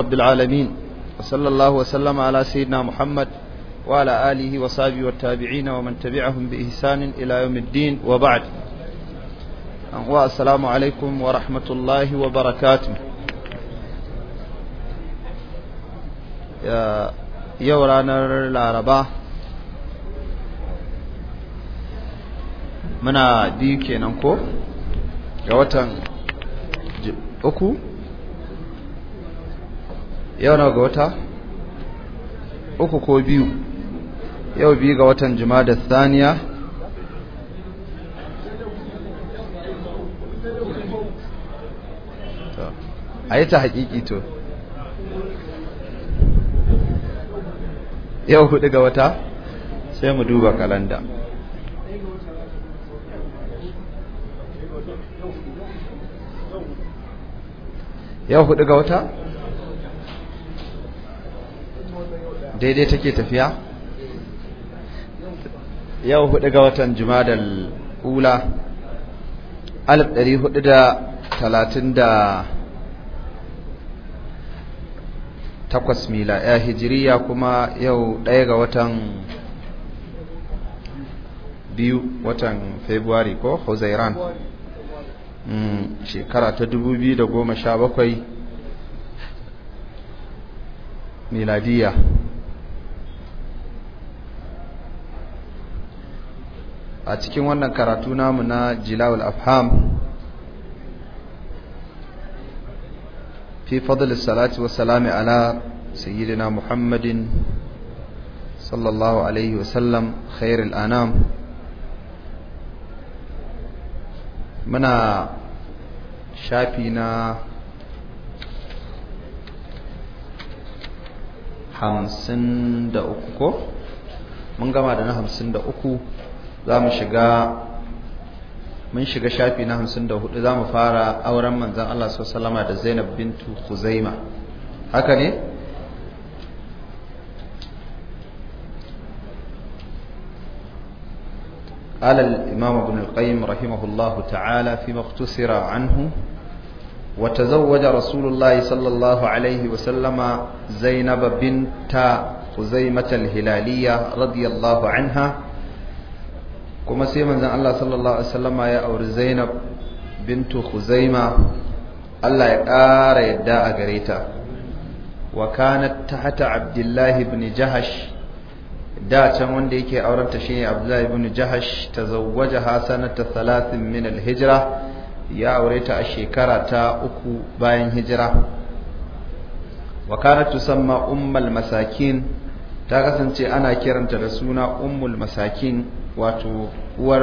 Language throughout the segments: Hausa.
رب العالمين وصلى الله وسلم على سيدنا محمد وعلى آله وصحبه والتابعين ومن تبعهم بإحسان إلى يوم الدين وبعد والسلام عليكم ورحمة الله وبركاته يورانا العربة منا ديكي ننكو يوتن أكو yau nawa ga wata uku ko biyu yau biyu ga watan da saniya a yi ta haƙiƙi to yau hudu ga wata sai mu duba kalanda yau hudu ga wata daidai take tafiya yau hudu ga watan jumadal ula 1438 mila ya hijiriya kuma yau ɗaya ga watan biyu watan february ko huzairan mm, shekara ta 2017 miladiya a cikin wannan karatu namu na jilawul afham fi fadl salati wa salami ala sayyidina muhammadin sallallahu alaihi wa sallam khairul anam muna shafi na hamsin da uku ko mun gama da na hamsin da uku za mu shiga mun shiga shafi na hamsin da hudu za mu fara auren manzan Allah su salama da zainab bintu huzaima haka ne قال الإمام ابن القيم رحمه الله تعالى فيما اختصر عنه وتزوج رسول الله صلى الله عليه وسلم زينب بنت خزيمة الهلالية رضي الله عنها kuma sai manzon Allah sallallahu alaihi wasallama ya auri Zainab bintu Khuzaima Allah ya ƙara yadda a gare ta wa kanat tahta Abdullah ibn Jahash da can wanda yake aurenta shine Abdullah ibn Jahash tazawwajaha sanata 30 min al-hijra ya aure ta a shekara ta uku bayan hijira wa kanat tusamma masakin ta kasance ana kiranta da suna ummul masakin wato uwar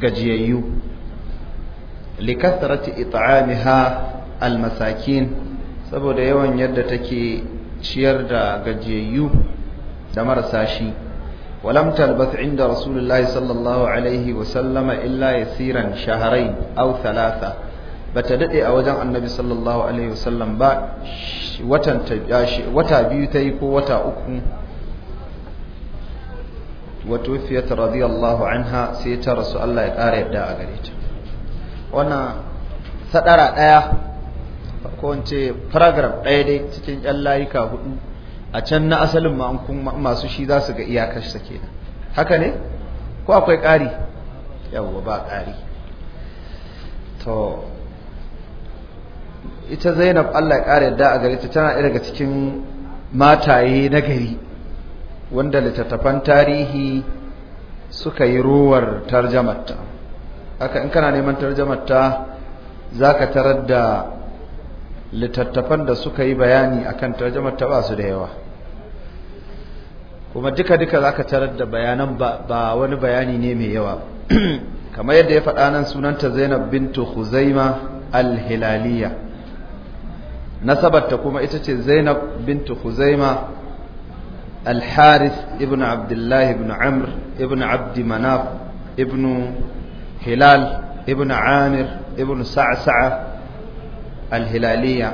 gajiyayyu likasarati it'amiha almasakin saboda yawan yadda take ciyar da gajiyayyu da marasa shi ولم تلبث عند رسول الله صلى الله عليه وسلم إلا يسيرا شهرين أو ثلاثة بتدئ أوجه النبي صلى الله عليه وسلم با وتا بيو تيكو وتا أكو sai ta rasu Allah ya kare yadda a gare ta wannan sadara daya ko in ce daya ɗaya dai cikin ƴan layuka hudu a can na asalin ma masu shi za su ga iyakar sa kenan haka ne ko akwai ƙari yawa ba ƙari to ita zainab allah ya ƙara yadda a gare ta tana daga cikin mataye na gari wanda littattafan tarihi suka yi ruwar tarjamatta haka in kana neman tarjamatta za ka tarar da littattafan da suka yi bayani akan tarjamatta ba su da yawa kuma duka-duka za ka tarar da bayanan ba wani bayani ne mai yawa kamar yadda ya faɗa nan sunanta zainab bintu huzaima al-hilaliya nasabarta kuma ita ce zainab bintu huzaima الحارث ابن عبد الله بن عمرو ابن عبد مناف ابن هلال ابن عامر ابن سعسعة الهلالية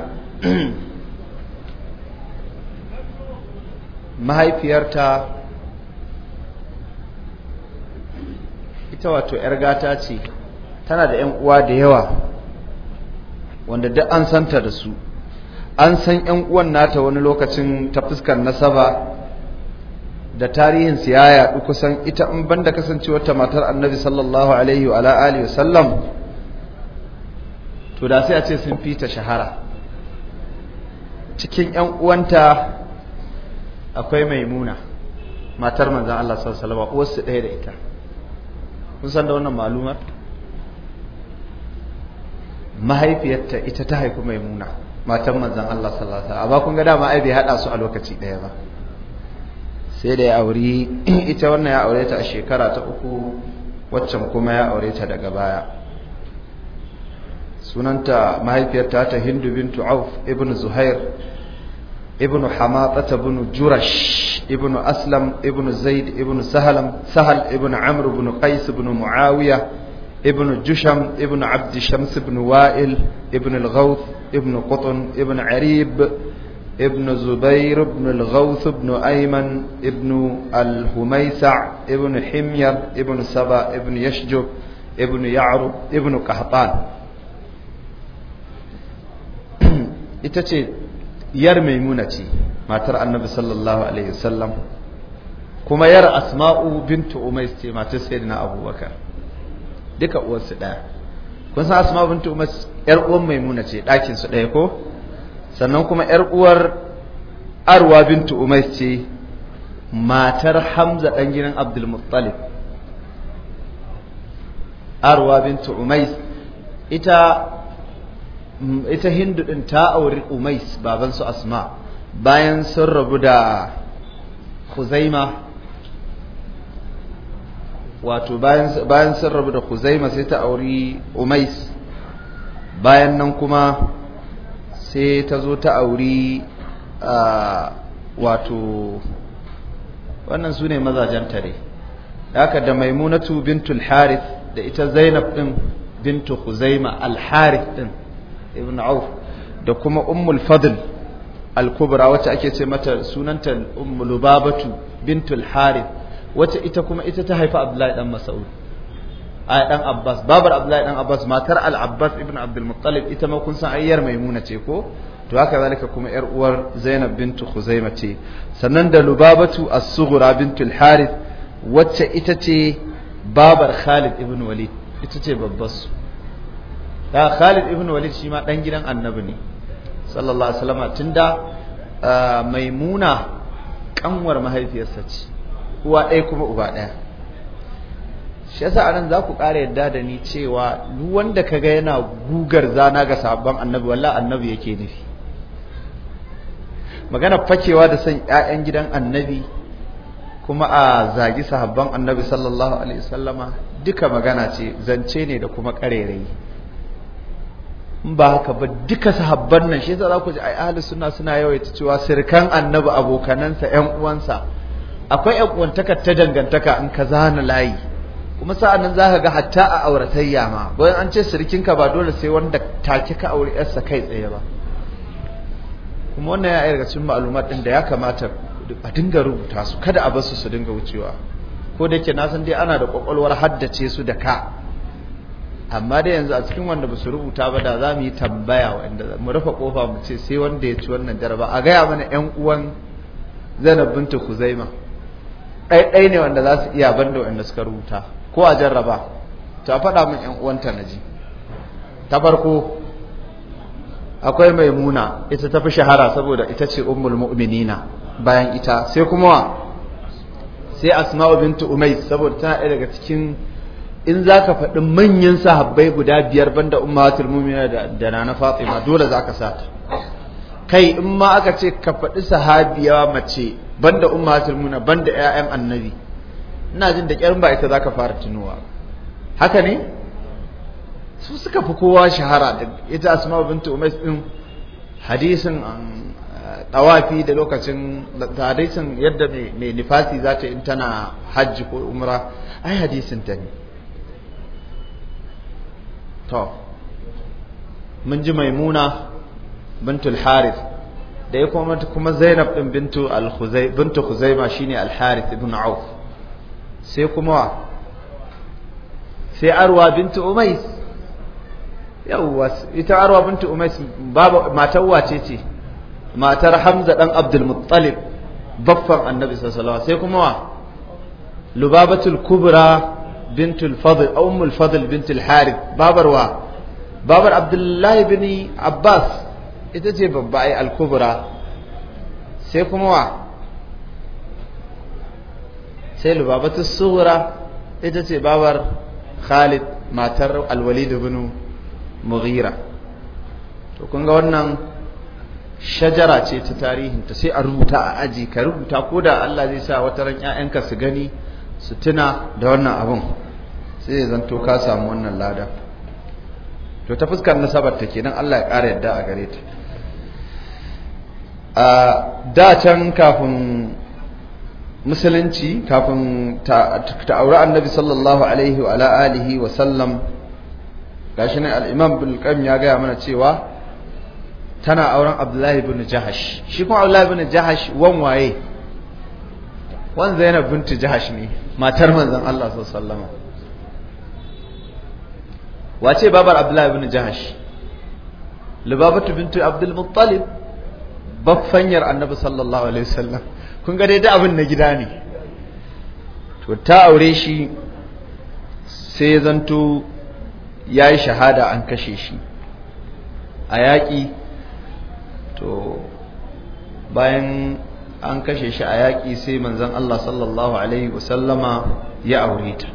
mahaifiyarta ita wato 'yar gata ce tana da 'yan uwa da yawa wanda duk an santa da su an san 'yan uwan nata wani lokacin ta fuskar nasaba da tarihin su ya yadu kusan ita in banda kasancewar ta matar annabi sallallahu alaihi wa alihi wa sallam, to da sai a ce sun fita shahara cikin ƴan uwanta akwai maimuna matar manzon Allah sallallahu alaihi wa sallam uwarsu ɗaya da ita kun san da wannan malumar mahaifiyarta ita ta haifi maimuna matan manzon Allah sallallahu alaihi wa sallam amma kun ga dama ai bai hada su a lokaci ɗaya ba sai da ya auri ita wannan ya aure ta a shekara ta uku waccan kuma ya aure ta daga baya sunanta mahaifiyarta ta hindu bintu auf ibn zuhair ibn hamatata ibn jurash ibn aslam ibn zaid ibn sahal sahal ibn amr ibn qais ibn muawiya ibn jusham ibn abd shams ibn wa'il ibn al-ghawth ibn qutn ibn arib ابن زبير بن الغوث بن أيمن ابن الهميسع ابن حمير ابن سبا ابن يشجب ابن يعرب ابن قحطان itace yar maimuna ce matar annabi sallallahu alaihi wasallam kuma yar asma'u bintu umais ce matar sayyidina abubakar duka uwarsu daya kun san asma'u bintu umais yar uwan maimuna ce ɗakin su daya ko sannan kuma ‘yar uwar arwa bintu umais ce matar hamza ɗan gidan abdulmuttalib arwa bintu umais ita ita hindu ɗin ta auri umais babansu asma bayan sun rabu da huzaima wato bayan sun rabu da huzaima sai ta auri umais bayan nan kuma sai ta zo ta auri wato wannan su ne mazajen tare haka da maimunatu bintul harith da ita zainab din bintu huzaima al-harith din ibn auf da kuma ummul fadl al-kubra wacce ake ce mata sunanta ummu lubabatu bintul harith wacce ita kuma ita ta haifa abdullahi dan mas'ud a dan Abbas babar Abdullahi dan Abbas matar Al Abbas ibn Abdul Muttalib ita ma kun san ayyar Maimuna ce ko to haka zalika kuma yar uwar Zainab bintu Khuzaima ce sannan da Lubabatu As-Sughra bintu Al-Harith wacce ita ce babar Khalid ibn Walid ita ce babbasu. da Khalid ibn Walid shi ma dan gidan Annabi ne sallallahu alaihi wasallam tunda ah, Maimuna kanwar mahaifiyarsa ce uwa ɗaya kuma uba ɗaya shi yasa anan za ku ƙara yadda da ni cewa duk wanda ka ga yana gugar zana ga sabon annabi wallah annabi yake nufi magana fakewa da san ƴaƴan gidan annabi kuma a zagi sahabban annabi sallallahu alaihi wasallama duka magana ce zance ne da kuma ƙarerayi in ba haka ba duka sahabban nan shi yasa za ku ji ai ahli sunna suna yawaita cewa sirkan annabi abokanansa ƴan uwansa akwai ƴan uwantaka ta dangantaka in ka zana layi kuma sa'an nan za ka ga hatta a auratayya ma bayan an ce sirikinka ba dole sai wanda take ka aure yarsa kai tsaye ba kuma wannan ya daga cikin ma'alumat ɗin da ya kamata a dinga rubuta su kada a basu su dinga wucewa ko da ke na san dai ana da kwakwalwar haddace su da ka amma dai yanzu a cikin wanda ba su rubuta ba da za mu yi tambaya wanda mu rufe kofa mu ce sai wanda ya ci wannan jaraba a gaya mana yan uwan zainab binta kuzaima ɗaiɗai ne wanda za su iya ban da wanda suka rubuta ko a jarraba ta faɗa min 'yan uwanta na ji ta farko akwai maimuna ita ta fi shahara saboda ita ce ummul mu'minina bayan ita sai kuma sai asma'u bintu Umai. saboda tana ɗaya daga cikin in za ka faɗi manyan sahabbai guda biyar banda ummatul mu'mina da na fatima dole za ka sa ta kai in ma aka ce ka faɗi sahabiya mace banda ummatul ban banda ƴaƴan annabi ina jin da kyar ba ita ka fara tunuwa haka ne su suka fi kowa shahara da ita asma bintu umais din hadisin um, tawafi da lokacin hadisin yadda mai nifasi za ta in tana hajji ko umra ai hadisin ta ne to mun ji maimuna bintul harith da ya kuma kuma zainab din bintu al-khuzay bintu khuzaima shine al-harith ibn auf sai kuma sai arwa bintu umais yawwa ita arwa bintu umais baba matar wace ce matar hamza dan abdul muttalib baffan annabi sallallahu alaihi wasallam sai kuma wa lubabatul kubra bintul fadl ummul fadl bintul harith babarwa babar abdullahi bin abbas ita ce babba ai al sai kuma wa sai lubabatu sughra ita ce babar Khalid matar al-Walid ibn Mughira to kun ga wannan shajara ce ta tarihin ta sai a rubuta a aji ka rubuta ko da Allah zai sa wata ran ƴaƴanka su gani su tuna da wannan abun sai zan to ka samu wannan lada to ta fuskar nasabar ta kenan Allah ya ƙara yadda a gare ta da can kafin musulunci kafin ta aure annabi sallallahu alaihi wa alihi wa sallam gashi ne al-imam bulqam ya gaya mana cewa tana auren abdullahi bin jahash shi kuma abdullahi bin jahash wan waye wan zainab bint jahash ne matar manzon Allah sallallahu alaihi wa wace babar abdullahi bin jahash lubabatu bint abdul muttalib baffanyar annabi sallallahu alaihi wasallam kun ga dai abin na gida ne to ta aure shi sai ya zanto ya yi shahada an kashe shi a yaƙi to bayan an kashe shi a yaƙi sai manzon Allah sallallahu alaihi wasallama ya aure ta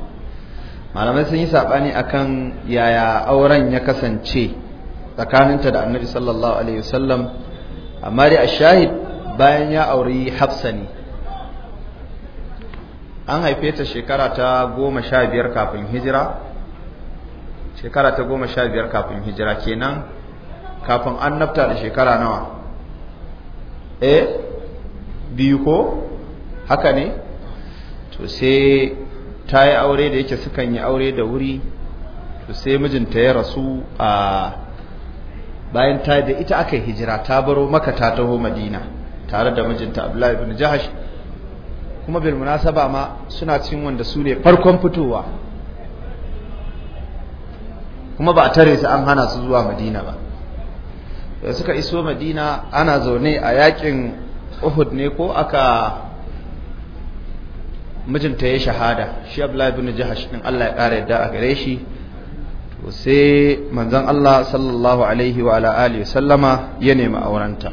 malamai sun yi saɓani akan yaya auren ya kasance tsakaninta da annabi sallallahu alaihi wasallam amma dai ashahid bayan ya auri hafsani. an haife ta shekara ta goma sha biyar kafin hijira shekara ta goma sha biyar kafin hijira kenan kafin an nafta da shekara nawa eh biyu ko haka ne to sai ta yi aure da yake sukan yi aure da wuri to sai mijinta ya rasu a bayan ta da ita aka yi hijira ta baro maka ta taho madina tare da mijinta abdullahi ibn jahash kuma bil munasaba ma suna cin wanda su ne farkon fitowa kuma ba a tare su an hana su zuwa madina ba da suka iso madina ana zaune a yakin uhud ne ko aka mijinta ya shahada shi abdullahi ibn jahash din Allah ya kare yadda a gare shi sai manzon Allah sallallahu alaihi wa ala alihi sallama ya nemi aurenta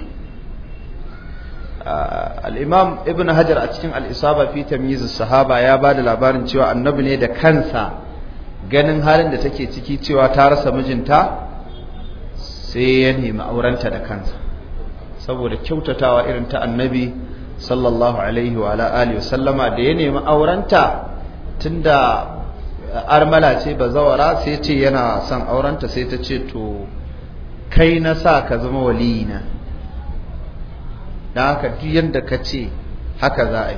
ah, al-imam ibn hajar a cikin al-isaba fi tamyiz sahaba ya ba da labarin cewa annabi ne da kansa ganin halin da take ciki cewa ta rasa mijinta sai ya nemi aurenta da kansa saboda kyautatawa irin ta annabi sallallahu alaihi wa ala alihi sallama da ya nemi aurenta tunda armala ce zawara sai ce yana son aurenta sai ta ce to kai na sa ka zama waliyina da haka duk yadda ka ce haka za a yi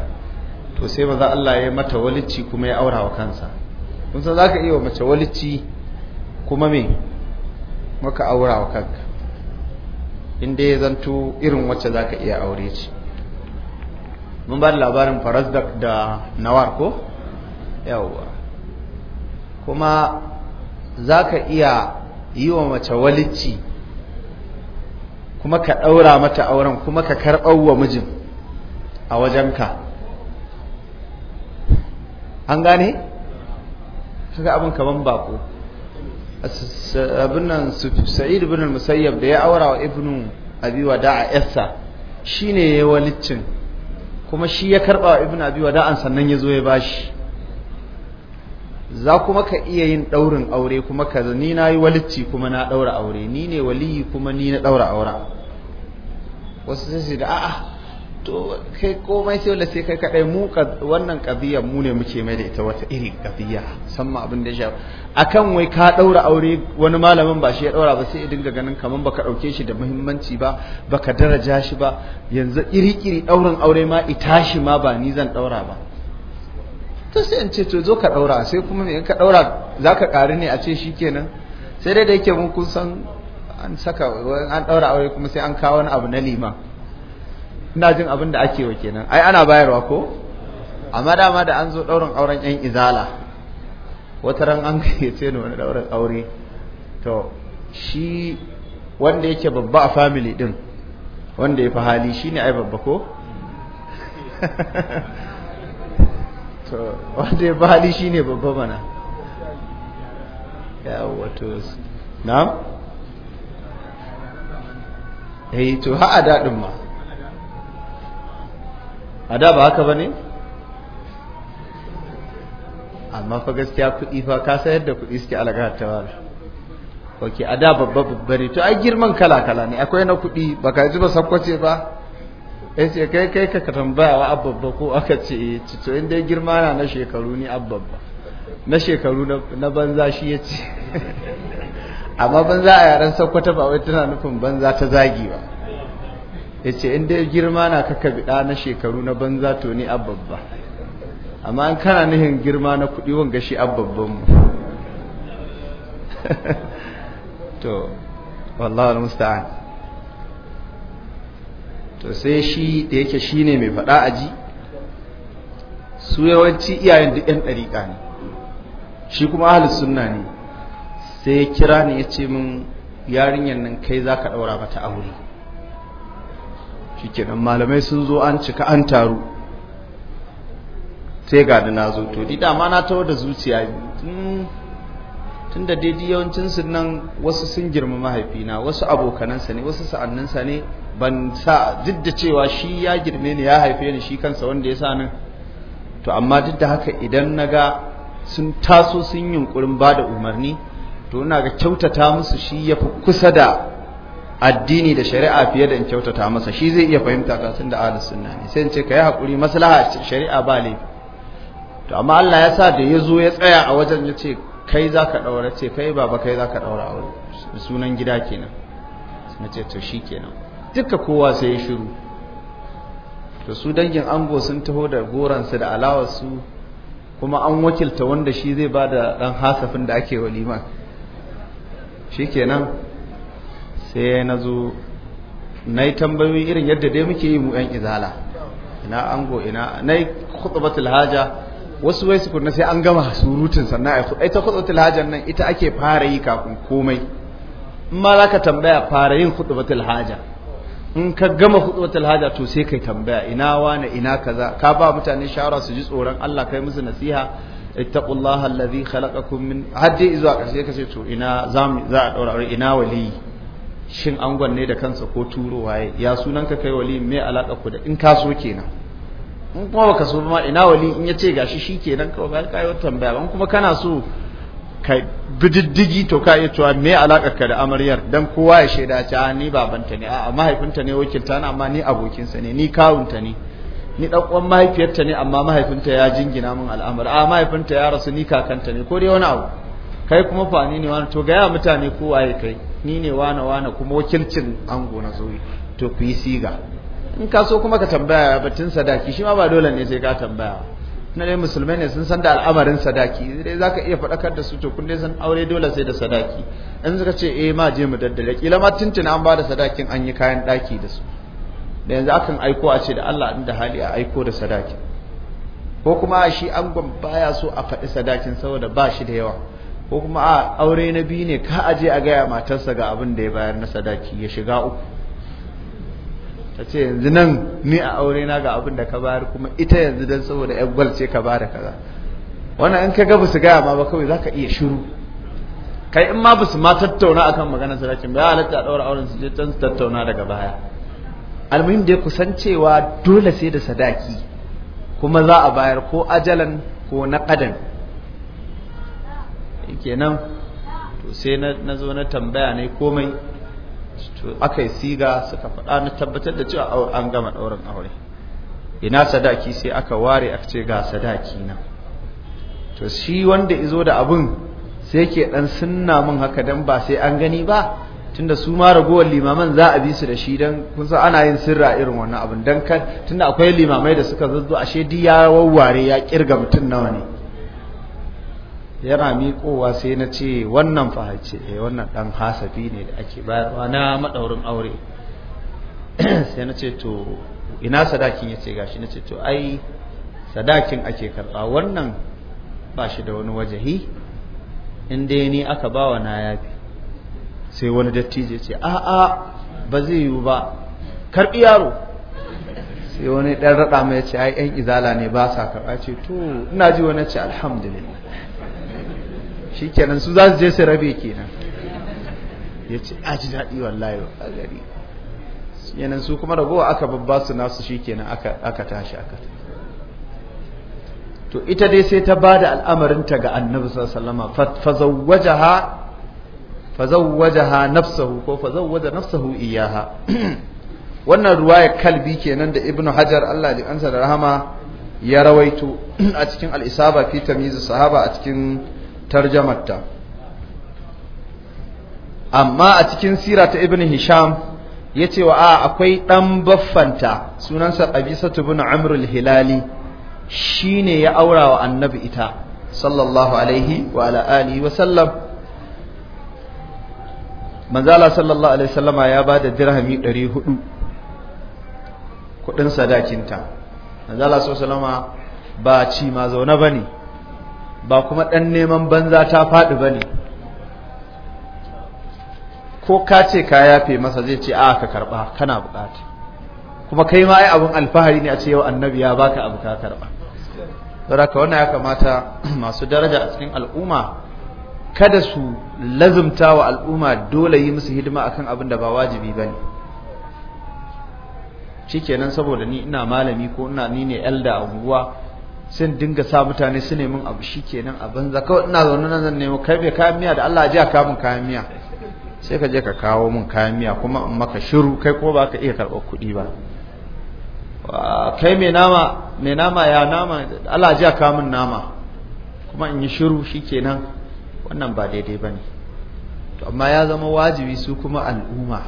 to sai ba za Allah ya mata walici kuma ya aura wa kansa kun san za ka iya mace walici kuma me maka aura wa kanka inda ya zanto irin wacce za ka iya aure ce mun ba da labarin farazdak da nawar ko yawwa kuma za ka iya yi wa mace walicci kuma ka ɗaura mata auren kuma ka karɓar wa mijin a wajenka an gane? kaga abin kaman bako abin nan sa'id ibn musayyab da ya aura wa ibnu abi wada'a yassa shine yi waliccin kuma shi ya karɓa wa ibnu abi wada'an sannan ya zo ya bashi za kuma ka iya yin ɗaurin aure kuma ka ni na yi walicci kuma na ɗaura aure ni ne waliyi kuma ni na ɗaura aura wasu sai su da a'a to kai komai sai wala sai kai kaɗai mu wannan ƙabiyar mu ne muke mai da ita wata irin ƙabiya samma abin da ya shafi akan wai ka ɗaura aure wani malamin ba shi ya ɗaura ba sai ya dinga ganin kamar baka ɗauke shi da muhimmanci ba baka daraja shi ba yanzu iri-iri ɗaurin aure ma ita shi ma ba ni zan ɗaura ba to sai in ce to zo ka ɗaura sai kuma me in ka ɗaura za ka ƙari ne a ce shi kenan sai dai da yake mun kun san an saka an ɗaura aure kuma sai an kawo wani abu na lima ina jin abin da ake wa kenan ai ana bayarwa ko amma dama da an zo ɗaurin auren yan izala wata ran an gayyace ni wani ɗaurin aure to shi wanda yake babba a family din wanda ya fi hali shine ai babba ko to wanda ya bali shi ne babba mana ya wato na? eh to ha a daɗin ma a da ba haka ba ne? amma fa gaskiya kuɗi fa ka sayar da kuɗi suke alaƙar tawara ok a da babba babba ne to ai girman kala kala ne akwai na kuɗi ba ka yi zuba sakwace ba ce kai kai ka tambaya wa abubba ko aka ce to in dai girma na na shekaru ni abubba na shekaru na banza shi ya ce, amma banza a yaren sakkwata ba wai tana nufin banza ta zagi ba ce in dai girma na kaka biɗa na shekaru na banza to ni abubba amma an kana nihin girma na kuɗi wanga shi abubbanmu mu to wallahi almusta'an to sai shi da yake shi ne mai faɗa a ji su yawanci iyayen duk 'yan ɗariƙa ne shi kuma ahalus sunna ne sai ya kira ni ya ce min yarinyar nan kai za ka ɗaura mata aure shi kenan malamai sun zo an cika an taru sai ga na zo to di dama na tawar da zuciya hmm, Tun da daidai yawancin su nan wasu sun girma mahaifina wasu abokanansa ne wasu sa'anninsa ne ban sa duk da cewa shi ya girme ni ya haife ni shi kansa wanda ya sa nan to amma duk da haka idan na ga sun taso sun yunkurin ba da umarni to ina ga kyautata musu shi ya fi kusa da addini da shari'a fiye da in kyautata masa shi zai iya fahimta ka tun da ahlus sunna ne sai in ce ka yi hakuri maslaha shari'a ba laifi to amma Allah ya sa da ya zo ya tsaya a wajen ya ce kai za ka ɗaura ce kai baba kai za ka ɗaura aure sunan gida kenan na ce to shi kenan duka kowa sai ya shiru to su dangin ango sun taho da goransu da alawarsu kuma an wakilta wanda shi zai ba da ɗan hasafin da ake walima shi kenan sai na zo na yi tambayoyi irin yadda dai muke yi mu 'yan izala ina ango ina na yi khutbatul haja wasu wai su kunna sai an gama surutun sannan ai ai ta kudu tilhajan nan ita ake fara yi kafin komai in ma zaka tambaya fara yin kudu tilhaja in ka gama kudu tilhaja to sai kai tambaya ina wane ina kaza ka ba mutane shawara su ji tsoron Allah kai musu nasiha ittaqullaha alladhi khalaqakum min ka sai ka ce to ina zamu za a daura ina wali shin angon ne da kansa ko turo waye ya ka kai wali me alaka ku da in ka so kenan in kuma baka so ba ina wali in ya ce gashi shi nan kawai ka tambaya ban kuma kana so ka bididdigi to ka iya cewa me alakar ka da amaryar dan kowa ya shaida ta ah, ni babanta ne a'a mahaifinta ne wakilta amma ni abokinsa ne ni kawunta ne ni dan uwan mahaifiyarta ne amma mahaifinta ya jingina min al'amari a mahaifinta ya rasu ni kakanta ne ko dai wani abu kai kuma fa ne wani to gaya mutane kowa ya kai ni ne wana-wana kuma wakilcin ango na zoyi to fi siga in ka so kuma ka tambaya batun sadaki shi ma ba dole ne sai ka tambaya na dai musulmai ne sun san da al'amarin sadaki dai zaka iya faɗakar da su to kun dai san aure dole sai da sadaki in suka ce eh ma je mu daddare kila ma tuntuna an bada sadakin an yi kayan daki da su da yanzu akan aiko a ce da Allah da hali a aiko da sadaki ko kuma shi angon baya so a faɗi sadakin saboda ba shi da yawa ko kuma a aure na biyu ne ka aje a gaya matarsa ga abin da ya bayar na sadaki ya shiga uku ta ce yanzu nan ni a aure na ga abin da ka bayar kuma ita yanzu don saboda yan gwal ce ka bada kaza wannan in ka ga su gaya ma ba kawai za ka iya shiru kai in ma basu ma tattauna akan maganar sadakin ba ya halatta a ɗaura auren su je can su tattauna daga baya almuhim ya kusan cewa dole sai da sadaki kuma za a bayar ko ajalan ko na ƙadan kenan to sai na zo na tambaya ne komai to aka yi siga suka faɗa na tabbatar da cewa an gama ɗaurin aure ina sadaki sai aka ware aka ce ga sadaki na to shi wanda izo da abun sai ke ɗan sunna mun haka dan ba sai an gani ba tunda su ma ragowar limaman za a bi su da shi dan kun san ana yin sirra irin wannan abun dan kan tunda akwai limamai da suka zazzo ashe di ya wawware ya kirga mutum nawa ne yana miƙowa sai na ce wannan fahace eh wannan ɗan hasafi ne da ake bayarwa na madaurin aure sai na ce to ina sadakin ya yace gashi na ce to ai sadakin ake karɓa wannan ba shi da wani wajahi in dai ni aka ba wa na ya fi sai wani dattijo ya ce a ba zai yiwu ba karɓi yaro sai wani ɗan raɗa mai ya ce ai ƴan izala ne ba sa karɓa ce to ina ji wani ce alhamdulillah kenan su za su je su rabe kenan ya ce a ji daɗi wallahi a gari yanan su kuma ragowa aka babba su nasu shikenan aka tashi aka to ita dai sai ta ba da al'amarinta ga annabi sallallahu fazawwajaha ha nafsahu ko fazawwaja nafsahu iyaha wannan ruwaya kalbi kenan da ibnu hajar Allah da ansa da rahama ya rawaito a cikin al'isaba isaba fi tamyiz sahaba a cikin tarjamarta amma a cikin sira ta ibn hisham ya ce wa a akwai ɗan baffanta sunansa ƙabisatu bin amrul hilali shi ne ya aura wa annabi ita sallallahu alaihi wa ala'alihi wa sallam manzala sallallahu alaihi sallama ya ba da dirhami 400 kudin sadakinta manzala sallallahu alaihi sallama ba ci ma zaune ba ne ba kuma ɗan neman banza ta faɗi ba ne ko ka ce ka yafe masa zai ce a ka karɓa kana buƙata kuma kai ma ai abin alfahari ne a ce yau annabi ya baka abu ka karɓa saboda wannan ya kamata masu daraja a cikin al'umma kada su lazumta wa al'umma dole yi musu hidima akan abin da ba wajibi ba bane kenan saboda ni ina malami ko ina ni ne elda a unguwa sun dinga sa mutane su nemin abu shikenan a banza kawai ina zaune nan zan nemo kai bai kayan miya da Allah ya ji ka mun kayan miya sai ka je ka kawo mun kayan miya kuma in maka shiru kai ko ba ka iya karɓar kuɗi ba kai mai nama mai nama ya nama Allah ya ka mun nama kuma in yi shiru shikenan wannan ba daidai ba ne amma ya zama wajibi su kuma al'umma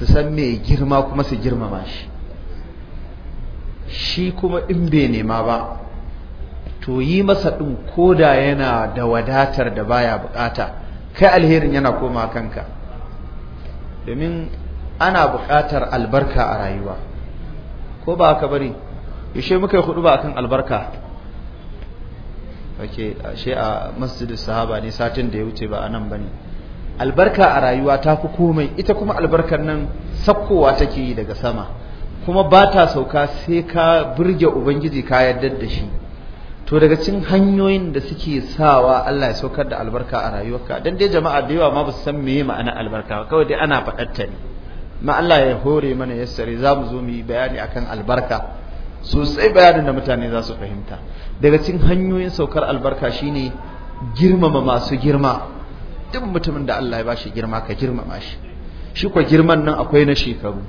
su san mai girma kuma su girmama shi shi kuma in bai nema ba to yi masa ɗin ko da yana da wadatar da baya bukata kai alherin yana koma kanka domin ana bukatar albarka a rayuwa ko ba ka bari yaushe muka yi hudu ba kan albarka ake ashe a masjidin sahaba ne satin da ya wuce ba a nan ba ne albarka a rayuwa ta fi komai ita kuma albarkar nan sakkowa take yi daga sama kuma ba ta sauka sai ka burge ubangiji ka yarda da shi to daga cikin hanyoyin da suke sawa Allah ya saukar da albarka a rayuwarka dan dai jama'a da yawa ma ba su san meye ma'ana albarka ba kawai dai ana faɗar ta ne ma Allah ya hore mana yassare za mu zo mu yi bayani akan albarka sosai bayanin da mutane za su fahimta daga cikin hanyoyin saukar albarka shine girmama masu girma duk mutumin da Allah ya bashi girma ka girmama shi shi ko girman nan akwai na shekaru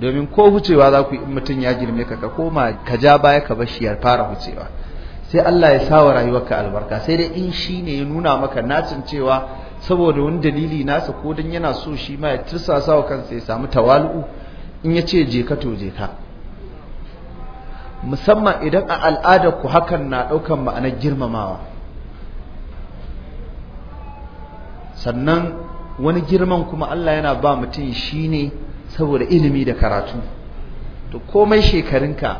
domin ko hucewa za ku yi in mutum ya girme ka ka koma ka ja baya ka bar shi ya fara hucewa sai Allah ya sawa ka albarka sai dai in shi ne ya nuna maka nacin cewa saboda wani dalili nasa ko dan yana so shi ma ya tirsasa wa kansa ya samu tawalu in ya ce je ka to je ka musamman idan a al'adar ku hakan na ɗaukan ma'anar girmamawa sannan wani girman kuma Allah yana ba mutum shi ne saboda ilimi da karatu to komai shekarunka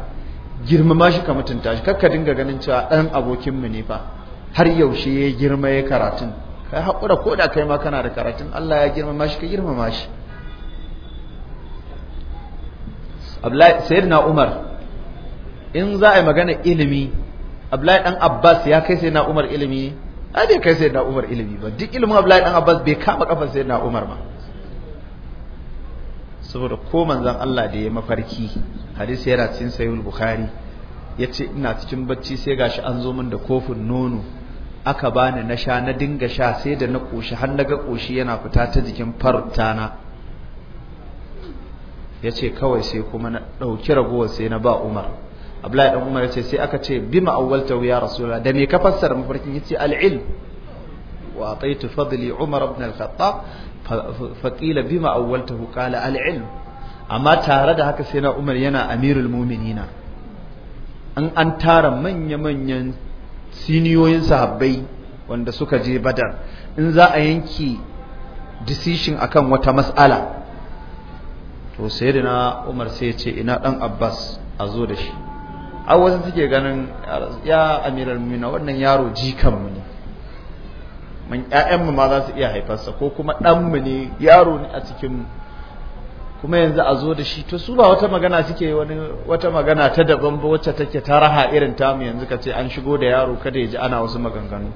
girmama shi ka mutunta shi kakka dinga ganin cewa ɗan abokinmu ne fa har yaushe ya girma ya karatun kai haƙura ko da kai ma kana da karatun Allah ya girmama shi ka girmama shi sayyidina Umar in za a yi magana ilimi Abdullahi dan Abbas ya kai sayyidina Umar ilimi ai bai kai sayyidina Umar ilimi ba duk ilimin Abdullahi dan Abbas bai kama kafar sayyidina Umar ba saboda ko manzon Allah da ya mafarki hadisi yana cikin sahihul bukhari yace ina cikin bacci sai gashi an zo min da kofin nono aka bani na sha na dinga sha sai da na koshi har na ga koshi yana fita ta jikin Ya yace kawai sai kuma na dauki ragowar sai na ba Umar Abdullahi dan Umar yace sai aka ce bima awwalta wuya rasulullah da me ka fassara mafarkin yace al-ilm وأعطيت فضلي عمر بن الخطاب فقيل بما أولته قال العلم أما تارد هكا سينا عمر ينا أمير المؤمنين أن أنتار من يمن siniyoyin صحابي wanda suka je badar in za a yanki decision akan wata mas'ala to na Umar sai ya ce ina dan Abbas a zo da shi a wasu suke ganin ya amiral mu'minin wannan yaro jikan mu ne mun ƴaƴanmu ma za su iya haifarsa ko kuma ɗanmu ne yaro ne a cikin kuma yanzu a zo da shi to su ba wata magana suke wani wata magana ta daban ba wacce take ta raha irin tamu yanzu ka ce an shigo da yaro kada ya ji ana wasu maganganu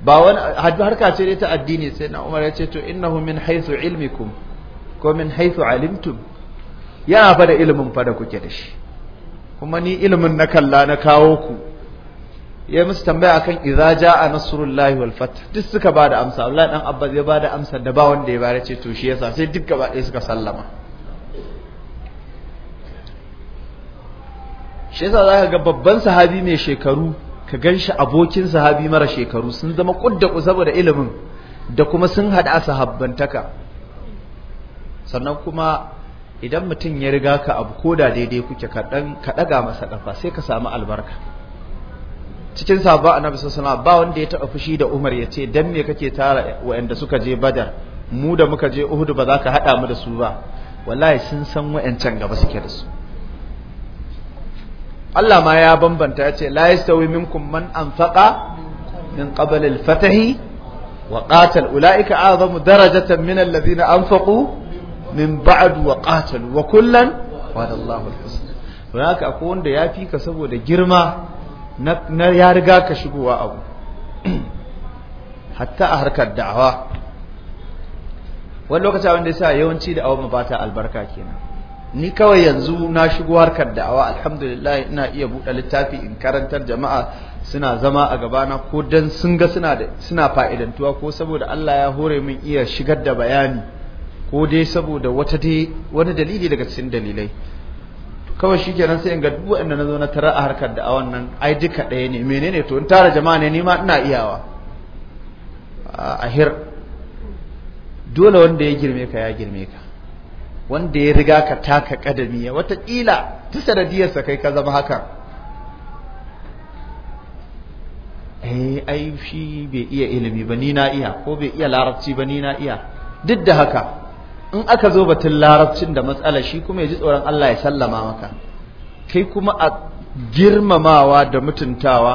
ba wani harka ce dai ta addini sai na Umar ya ce to innahu min haythu ilmikum ko min haythu alimtum yana fa da ilimin fa da kuke da shi kuma ni ilimin na kalla na kawo ku ya musu tambaya akan idza jaa nasrullahi wal fath duk suka bada amsa Allah dan Abbas ya bada amsa da ba wanda ya bare ce to shi yasa sai duk gaba suka sallama shi yasa zaka ga babban sahabi mai shekaru ka ganshi abokin sahabi mara shekaru sun zama kudda saboda ilimin da kuma sun hada sahabbantaka sannan kuma idan mutum ya riga ka abu koda daidai kuke ka ɗaga masa ƙafa sai ka samu albarka cikin sahabba annabi sallallahu ba wanda ya taɓa fushi da Umar ya ce dan me kake tara waɗanda suka je Badar mu da muka je Uhud ba za ka haɗa mu da su ba wallahi sun san wayancan gaba suke da su Allah ma ya bambanta ya ce la yastawi minkum man anfaqa min qabl al-fath wa qatal ulaika azamu darajatan min alladhina anfaqu min ba'd wa qatal wa kullan wa Allahu al-husna don akwai wanda ya fika saboda girma na ya riga ka shigowa abu hatta a harkar da'awa wani lokaci abin da ya sa yawanci da awon ba albarka kenan ni kawai yanzu na shigo harkar da'awa alhamdulillah ina iya buɗe littafi in karantar jama'a suna zama a gabana ko dan sun ga suna suna fa'idantuwa ko saboda Allah ya hore min iya shigar da bayani ko dai saboda wata dai wani dalili daga cikin dalilai kawai shi kenan sai in ga duk waɗanda na zo na tara a harkar da a wannan ai duka ɗaya ne menene to in tara jama'a ne nima ina iyawa a hir dole wanda ya girme ka ya girme ka wanda ya riga ka taka kadami ya watakila ta sanadiyarsa kai ka zama haka eh ai shi bai iya ilimi ba ni na iya ko bai iya larabci ba ni na iya duk da haka in aka zo batun larabcin da matsala shi kuma ya ji tsoron Allah ya sallama maka kai kuma a girmamawa da mutuntawa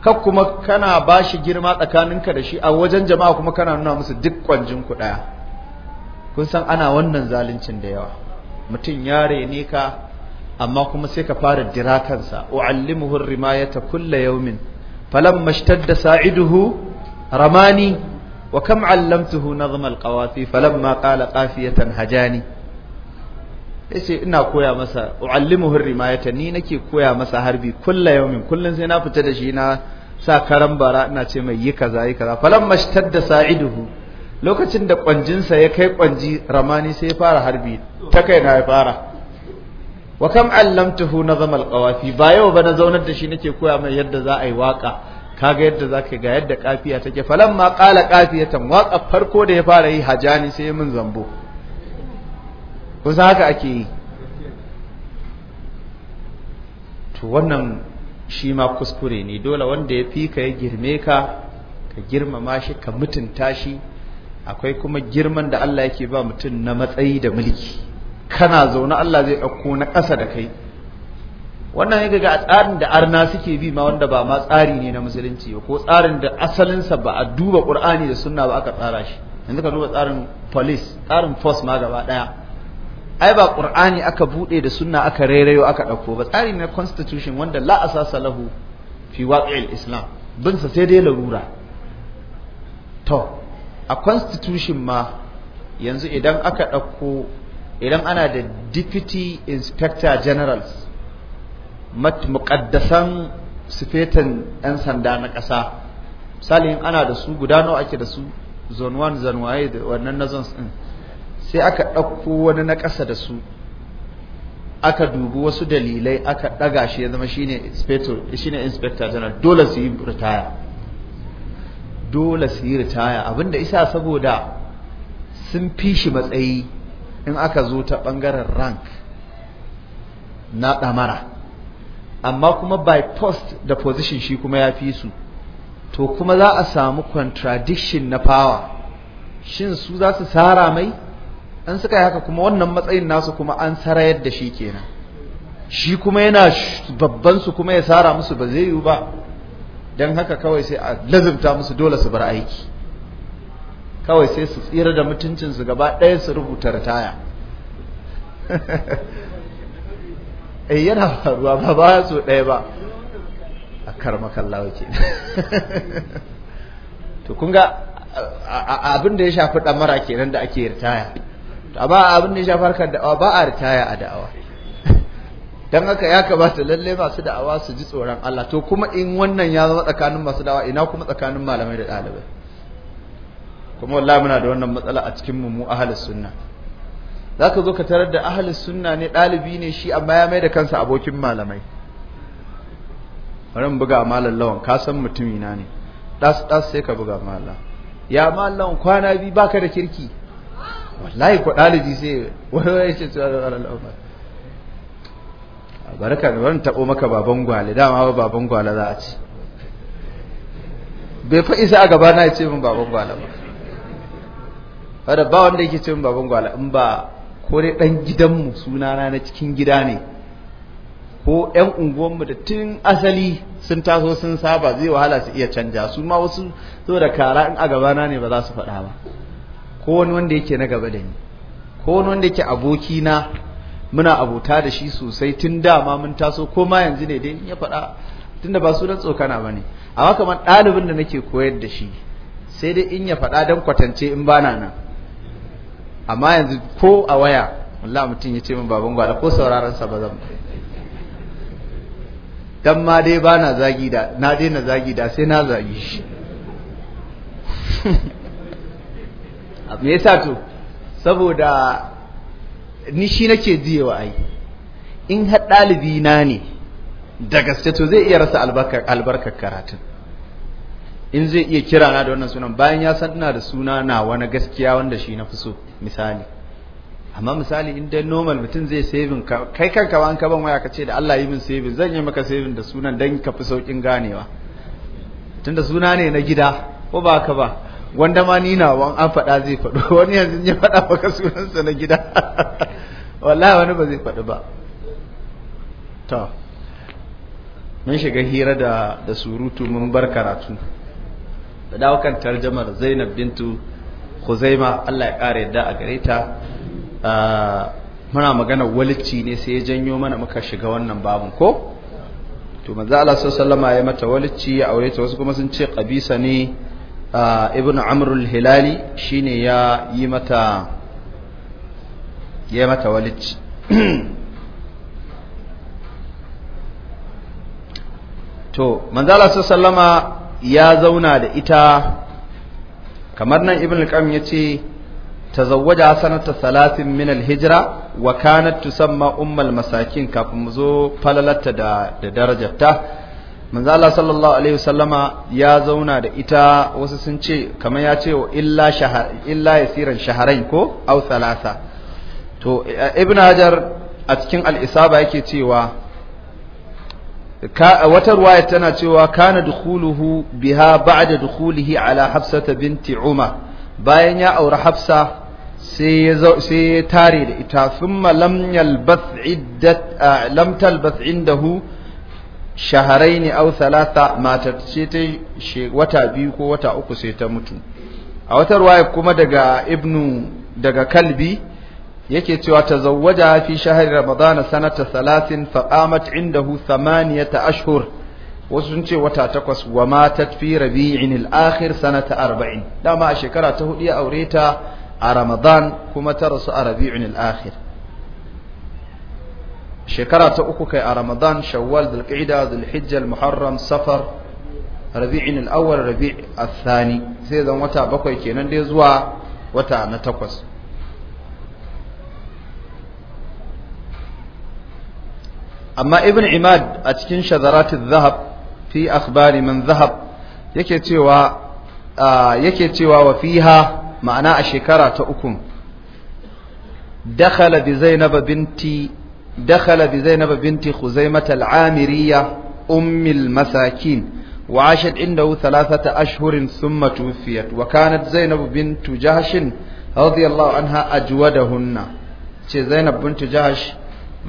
ka kuma kana ba shi girma tsakaninka da shi a wajen jama'a kuma kana nuna musu duk kwanjin ku kun san ana wannan zaluncin da yawa mutum ya rene ka amma kuma sai ka fara dira kansa u'allimuhu rimayata kulla yawmin falamma ishtadda sa'iduhu ramani wa kam allamtuhu nazma alqawafi falamma qala qafiyatan yace ina koya masa uallimuhu rimayata ni nake koya masa harbi kullu yawmin kullun sai na fita da shi na sa karan bara ina ce mai yi kaza yi kaza falamma shtadda sa'iduhu lokacin da sa ya kai kwanji ramani sai ya fara harbi ta kai na ya fara wa kam allamtuhu nazma alqawafi ba yau ba na zaunar da shi nake koya mai yadda za a yi waka kaga yadda zaka ga yadda kafiya take falamma qala qafiyatan waqa farko da ya fara yi hajani sai mun zambo kusa haka ake yi to wannan shi ma kuskure ne dole wanda ya fi ka ya girme ka ka girmama shi ka mutunta shi akwai kuma girman da Allah yake ba mutum na matsayi da mulki kana zaune Allah zai ɗauko na ƙasa da kai wannan ya ga tsarin da arna suke bi ma wanda ba ma tsari ne na musulunci ba ko tsarin da asalinsa ba a duba qur'ani da sunna ba aka tsara shi yanzu ka duba tsarin police tsarin force ma gaba daya ai ba qur'ani aka bude da sunna aka rairayo aka dauko ba tsari ne constitution wanda la asasa lahu fi waqi'il islam bin sa sai dai larura to a constitution ma yanzu idan aka dauko idan ana da deputy inspector generals muƙaddasan sufetan 'yan sanda na ƙasa misali ana da su guda nawa ake da su zone 1 zone waye da wannan na zones sai aka ɗauko wani na ƙasa da su aka dubi wasu dalilai aka ɗaga shi ya zama shine inspector shine inspector general dole su yi ritaya dole su yi ritaya abinda isa saboda sun fi shi matsayi in aka zo ta ɓangaren rank na ɗamara amma kuma by post da position shi kuma ya fi su to kuma za a samu contradiction na power shin su za su sara mai an suka yi haka kuma wannan matsayin nasu kuma an sarayar da shi kenan shi kuma yana babban su kuma ya sara musu ba zai yiwu ba don haka kawai sai a lazimta musu dole su bar aiki kawai sai su tsira da mutuncinsu gaba ɗaya su rubuta ritaya eh yana faruwa ba ba so ɗaya ba a karmakalla wake to kun ga abin da ya shafi ɗamara kenan da ake ritaya to ba abin da ya shafi harkar da'awa ba a ritaya a da'awa don haka ya kamata lalle masu da'awa su ji tsoron Allah to kuma in wannan ya zama tsakanin masu da'awa ina kuma tsakanin malamai da ɗalibai kuma wallahi muna da wannan matsala a cikin mu mu ahlus sunna za ka zo ka tarar da ahalin sunna ne ɗalibi ne shi amma ya mai da kansa abokin malamai ran buga malar lawan ka san mutumina ne ɗas ɗas sai ka buga mala ya malan kwana biyu ba ka da kirki wallahi ko ɗalibi sai wani wani ce su da wani lawan barka da wani taɓo maka baban gwale dama ba baban gwale za a ci bai fa isa a gabana ya ce min baban gwale ba wadda ba wanda yake ce min baban gwale in ba ko dai ɗan gidanmu sunana na cikin gida ne ko ‘yan unguwanmu da tun asali sun taso sun saba zai wahala su iya canja su ma wasu saboda kara in a gabana ne ba za su faɗa ba ko wani wanda yake na gaba da ni ko wani wanda yake abokina muna abota da shi sosai tun dama mun taso ko ma yanzu ne dai ya faɗa tun da ba su don tsokana ba ne amma kamar ɗalibin da nake koyar da shi sai dai in ya faɗa don kwatance in bana nan amma yanzu ko a waya Allah mutum ya ce min baban gwada ko sauraron sa ba zan dan ma dai ba na zagi da na na zagi da sai na zagi shi me yasa to saboda ni shi nake jiyewa ai in har dalibi na ne da gaske to zai iya rasa albarkar karatun in zai iya kirana da wannan sunan bayan ya san ina da suna na wani gaskiya wanda shi na fi so misali amma misali in dai normal mutum zai saving ka kai kanka ba an ka ban waya ka ce da Allah yi min saving zan yi maka saving da sunan dan ka fi saukin ganewa tunda suna ne na gida ko ba ka ba wanda ma ni na wan an faɗa zai faɗo wani yanzu ya faɗa maka sunansa na gida wallahi wani ba zai faɗi ba to mun shiga hira da da surutu mun bar karatu da dawo kan tarjamar Zainab bintu huzaima Allah ya ƙara yadda a gare ta ah, muna magana walici ne sai ya janyo mana muka shiga wannan babun ko to manzo Allah sallama ya mata walici. ya aure ta wasu kuma sun ce qabisa ne ah, ibnu amr al-hilali shine ya yi mata ya mata walici to manzo Allah sallama ya zauna da ita kamar nan ibn al-qayyim yace tazawwaja sanata salatin min al-hijra wa kanat tusamma ummul masakin kafin mu zo falalata da da darajarta manzo Allah sallallahu alaihi wasallama ya zauna da ita wasu sun ce kamar ya ce illa shahar illa yasiran shahrain ko au salasa. to ibn hajar a cikin al-isaba yake cewa wata ruwaya tana cewa kana dukhuluhu biha ba'da dukhulihi ala hafsata binti uma bayan ya aure hafsa sai ya tare da ita thumma lam yalbath iddat lam talbath indahu shaharaini aw thalatha matat ta wata biyu ko wata uku sai ta mutu a wata ruwaya kuma daga ibnu daga kalbi yake cewa tazawwaja fi shahri ramadana sanata 30 fa qamat indahu thamaniyata ashhur wasu sun ce wata takwas wa matat fi rabi'in al-akhir sanata 40 dama a shekara ta hudu ya aure ta a ramadan kuma ta rasu a rabi'in al-akhir shekara ta uku kai a ramadan shawwal dhulqa'da dhulhijja muharram safar rabi'in al-awwal rabi' al-thani sai zan wata bakwai kenan dai zuwa wata na takwas amma ibn imad a cikin shazaratul zahab fi akhbari man zahab yake cewa yake cewa wa fiha ma'ana a shekara ta uku dakhala bi zainab binti dakhala bi zainab binti khuzaimah al-amiriyya masakin وعاشت عنده ثلاثة أشهر ثم توفيت وكانت زينب بنت جهش رضي الله عنها أجودهن زينب بنت جهش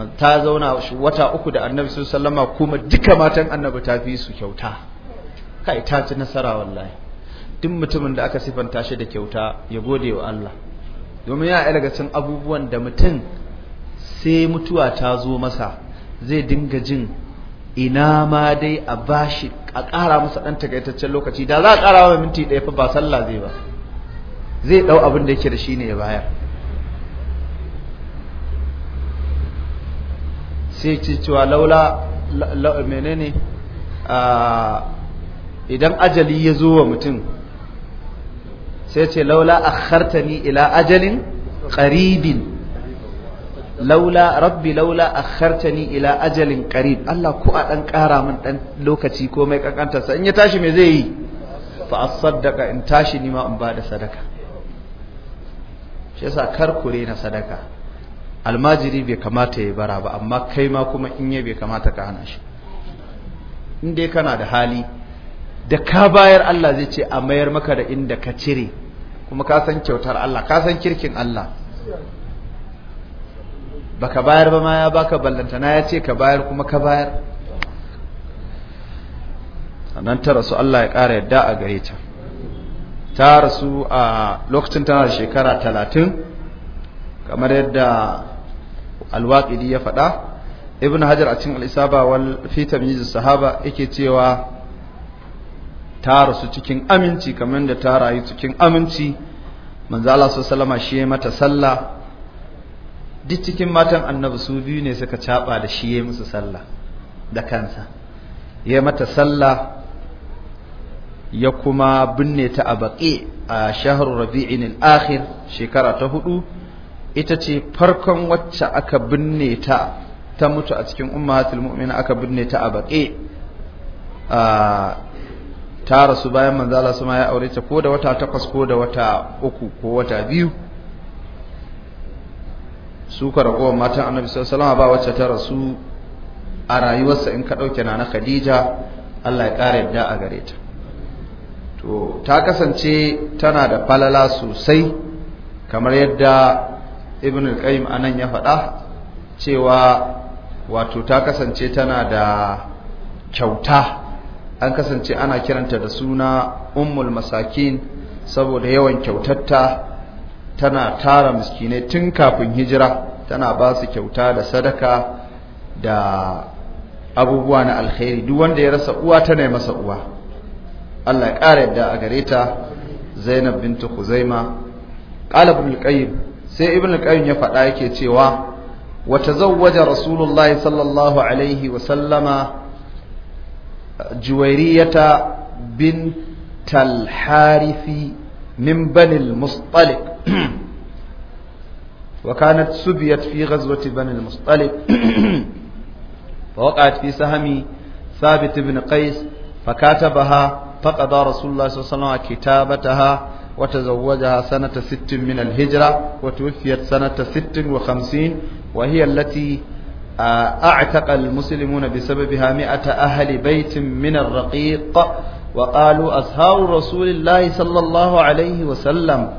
ta zauna wata uku da annabi sallama kuma duka matan annabi ta fi su kyauta kai ta ci nasara wallahi duk mutumin da aka sifanta shi da kyauta ya gode wa Allah domin ya daga cikin abubuwan da mutum sai mutuwa ta zo masa zai dinga jin ina ma dai a bashi a ƙara masa ɗan takaitaccen lokaci da za a ƙara wa minti ɗaya fa ba sallah zai ba zai ɗau abin da yake da shi ne ya bayar sai ce cewa laula menene idan ajali ya zo wa mutum sai ce laula a ni ila ajalin ƙaribin laula rabbi laula a ni ila ajalin ƙarib Allah ku a ɗan ƙara min ɗan lokaci ko mai kankanta in ya tashi mai zai yi fa asaddaka in tashi nima in bada sadaka shi yasa kar kure na sadaka almajiri bai kamata ya bara ba amma kai ma kuma in ya bai kamata ka hana shi in dai kana da hali da ka bayar Allah zai ce a mayar maka da inda ka cire kuma ka san kyautar Allah ka san kirkin Allah ba ka bayar ba ma ya ba baka ballantana ya ce ka bayar kuma ka bayar sannan ta rasu Allah ya ƙara yadda a gare ta ta rasu a lokacin tana da shekara talatin kamar yadda alwaƙidi ya faɗa ibn hajar a cikin al'isaba wal fi tamyiz sahaba yake cewa ta rasu cikin aminci kamar da ta rayu cikin aminci manzo Allah sallallahu shi mata sallah duk cikin matan annabi su biyu ne suka caba da shi ya musu sallah da kansa ya mata sallah ya kuma binne ta a baƙi a shahrul rabi'in al-akhir shekara ta hudu ita ce farkon wacce aka binne ta ta mutu a cikin ummatul mu'mina aka binne ta a baƙe ta rasu bayan manzala su ya aure ta ko da wata takwas ko da wata uku ko wata biyu su ka ragowar matan annabi sallallahu alaihi ba wacce ta rasu a rayuwarsa in ka ɗauke na na khadija allah ya ƙara yadda a gare ta to ta kasance tana da falala sosai kamar yadda ibn al-qayyim anan ya faɗa cewa wato ta kasance tana da kyauta an kasance ana kiranta da suna ummul masakin saboda yawan kyautarta tana tara miskinai tun kafin hijira tana ba su kyauta da sadaka da abubuwa na alkhairi duk wanda ya rasa uwa tana yi masa uwa Allah ya ƙara yadda a gareta Zainab bintu Khuzaima qala ibn sai ibn al-qayyim ya faɗa yake cewa wa tazawwaja rasulullahi sallallahu alaihi wa sallama juwairiyata bint al-harithi min bani al-mustaliq wa kanat subiyat fi ghazwati bani al-mustaliq فوقعت في سهم ثابت بن قيس فكاتبها فقضى رسول الله صلى الله عليه وسلم كتابتها وتزوجها سنة ست من الهجرة وتوفيت سنة ست وخمسين وهي التي أعتق المسلمون بسببها مئة أهل بيت من الرقيق وقالوا أصهار رسول الله صلى الله عليه وسلم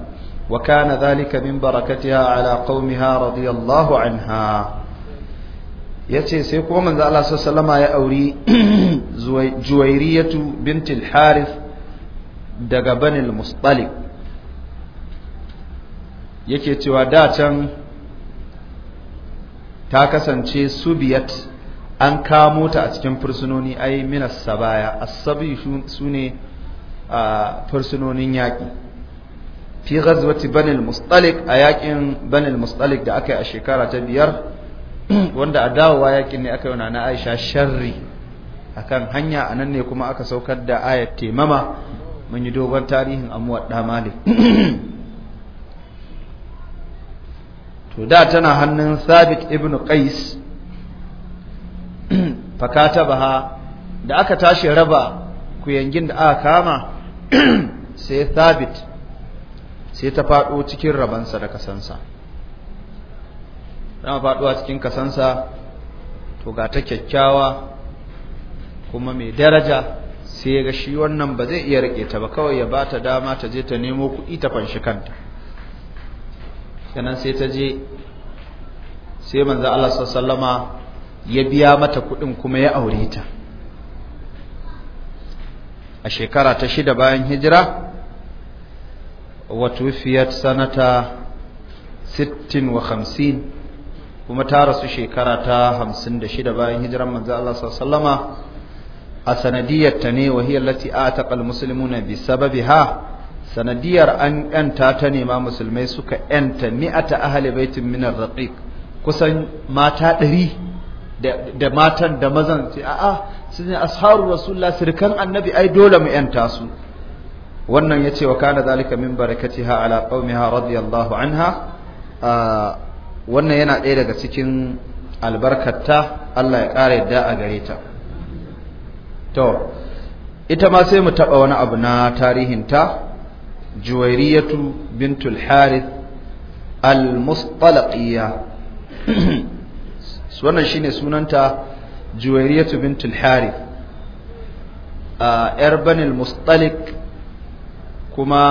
وكان ذلك من بركتها على قومها رضي الله عنها yace sai kuma manzo Allah sallama ya auri Juwairiyatu bintul Harith daga Banil Mustalik yake cewa da can ta kasance subiyat an kamo ta a cikin fursunoni ai minas sabaya asabi su ne a fursunonin yaƙi fi ghazwati banil mustalik a yaƙin banil mustalik da aka yi a shekara ta biyar wanda a dawowa yaƙin ne aka yi na aisha sharri kan hanya a nan ne kuma aka saukar da ayat temama mun yi dogon tarihin amuwar ɗa malik to da tana hannun Thabit ibn Qais fakatabaha da aka tashi raba kuyangin da aka kama sai Thabit sai ta fado cikin rabansa da kasansa dama faduwa cikin kasansa to ga ta kyakkyawa kuma mai daraja sai ga shi wannan ba zai iya rike ta ba kawai ya bata dama ta je ta nemo kuɗi ta fanshi kanta nan sai ta je sai manzo Allah sallama ya biya mata kuɗin kuma ya aure ta a shekara ta shida bayan hijira wa tufiyat sanata wa 56 kuma ta rasu shekara ta 56 bayan hijiran manzo Allah sallama a sanadiyar ta ne wahiyar lati ataqal sababi ha? sanadiyar an yanta ta nema musulmai suka yanta mi'ata ahli baitin min ar-raqiq kusan mata ɗari da matan da mazan ce a'a su ne asharu rasulullah sirkan annabi ai dole mu yanta su wannan yace wa kana zalika min barakatiha ala qaumiha radiyallahu anha ah, wannan yana ɗaya daga cikin albarkarta Allah ya ƙara yadda a gare ta to ita ma sai mu taɓa wani abu na tarihinta juwairiyatu bintul harith al-mustalaqiyya wannan shine sunanta juwairiyatu bintul harith yar banil mustalik kuma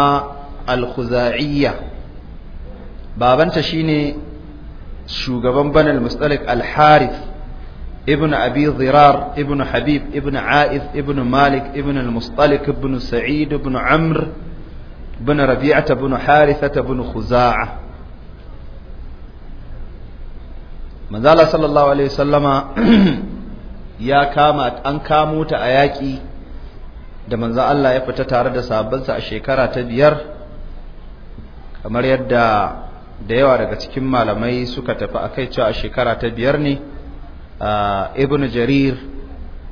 al-khuza'iyya babanta shine shugaban banil al-harith ابن أبي ضرار ابن حبيب ابن عائف ابن مالك ابن المصطلق ابن سعيد ابن عمرو bin rabi'ata bin حارثة bin خزاعة manzala sallallahu alaihi sallama ya kama an kamo ta a yaƙi da manzo Allah ya fita tare da sahabbansa a shekara ta biyar kamar yadda da yawa daga cikin malamai suka tafi a kai cewa a shekara ta biyar ne ibn jarir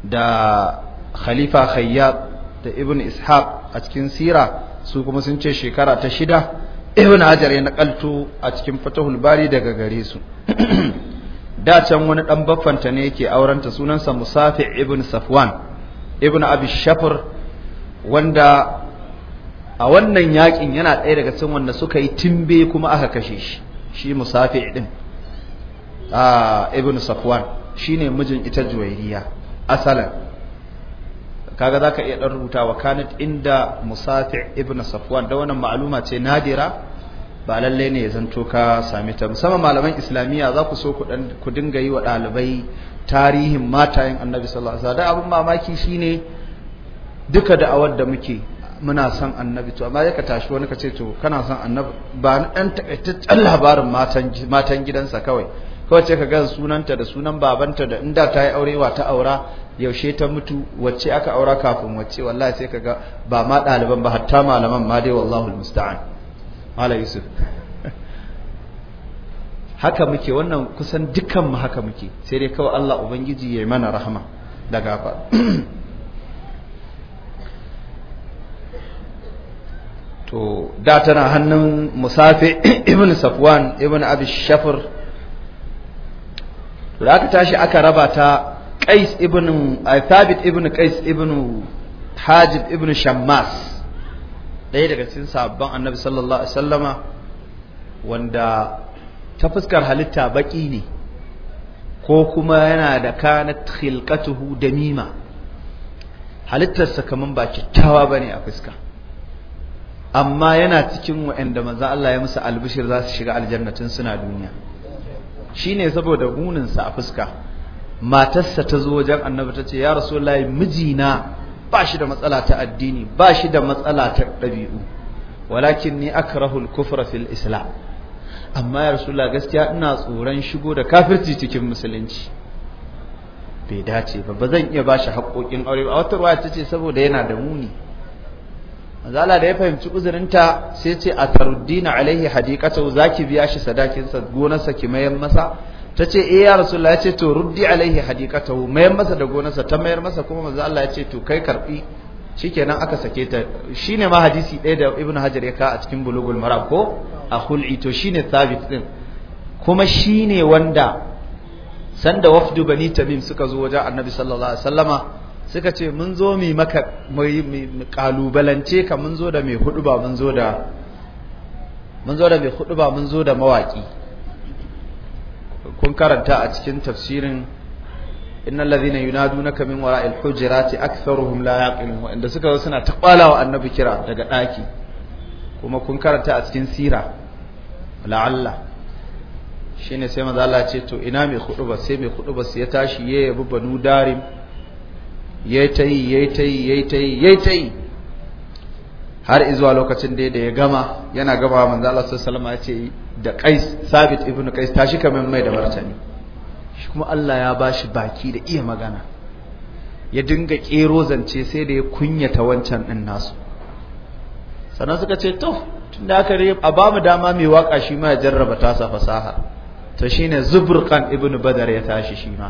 da khalifa khayyat da ibn ishaq a cikin sira su kuma sun ce shekara ta shida ibn hajar ya nakalto a cikin fatahul bari daga gare su da can wani dan baffanta ne yake aurenta sunansa musafi ibn safwan ibn abi shafr wanda a wannan yakin yana ɗaya daga cikin wanda suka yi timbe kuma aka kashe shi shi musafi din a ibn safwan shine mijin ita juwairiya asalan kaga zaka iya dan wa kanat inda musafi ibn safwan da wannan ma'aluma ce nadira ba lalle ne zanto ka same ta musamman malaman islamiyya za ku so ku dan ku dinga yi wa dalibai tarihin matayen annabi sallallahu alaihi wasallam abin mamaki shine duka da awar da muke muna son annabi to amma yaka tashi wani ka ce to kana son annabi ba dan takaitaccen labarin matan matan gidansa kawai kawai sai ka ga sunanta da sunan babanta da inda ta yi aure wa ta aura yaushe ta mutu wacce aka aura kafin wacce wallahi sai ka ga ba ma ɗaliban ba hatta malaman ma dai wallahu almusta'an mala yusuf haka muke wannan kusan dukkan mu haka muke sai dai kawai Allah ubangiji ya yi mana rahama daga ba to da tana hannun musafi ibn safwan ibn abi shafr to da aka tashi aka raba ta Qais ibn eh, Thabit ibn Qais ibn Hajib ibn Shammas ɗaya daga cikin sahabban Annabi sallallahu alaihi wasallama wanda ta fuskar halitta baki ne ko kuma yana da kanat khilqatuhu damima halittarsa kaman ba kyakkyawa bane a fuska amma yana cikin waɗanda manzo Allah ya musu albishir za su shiga aljannatin suna duniya Shi ne saboda guninsa a fuska matarsa ta zo wajen annabi ta ce ya rasu rasulullahi mijina ba shi da matsala ta addini ba shi da matsala ta ɗabi'u walakin ni akrahu al-kufra fil islam amma ya rasulullah gaskiya ina tsoron shigo da kafirci cikin musulunci bai dace ba ba zan iya ba shi haƙoƙin aure ba wata ruwa ta ce saboda yana da muni manzo Allah da ya fahimci uzurinta sai ce a taruddina alaihi hadiqatu zaki biya shi sadakinsa sa gonarsa ki mayar masa tace eh ya rasulullah ya ce to ruddi alaihi hadiqatu mayar masa da gonarsa ta mayar masa kuma manzo Allah ya ce to kai karbi shikenan aka sake ta shine ma hadisi ɗaya da ibnu hajar ya ka a cikin bulugul marab ko a hulɗi to shine thabit din kuma shine wanda sanda wafdu bani tamim suka zo wajen annabi sallallahu alaihi wasallama suka ce mun zo mu maka kalubalance ka mun zo da mai hudu ba mun zo da mun zo da mai hudu ba mun zo da mawaki kun karanta a cikin tafsirin innal ladhina yunadunaka min wara'il hujurati aktharuhum la yaqilun wanda suka zo suna takwalawa annabi kira daga daki kuma kun karanta a cikin sira la'alla shine sai manzo Allah ya ce to ina mai hudu ba sai mai hudu ba sai ya tashi yayi banu darim yayi ta yi yayi ta yi yayi ta yi har izuwa lokacin da da ya gama yana wa manzo Allah sallallahu alaihi wasallam ya ce da Qais Sabit ibn Qais tashi kamar mai da martani shi kuma Allah ya bashi baki da iya magana ya dinga kero zance sai da ya kunyata wancan din nasu sannan suka ce to da aka rai a bamu dama mai waka shi ma ya jarraba tasa fasaha to shine Zubrqan ibn Badar ya tashi shi ma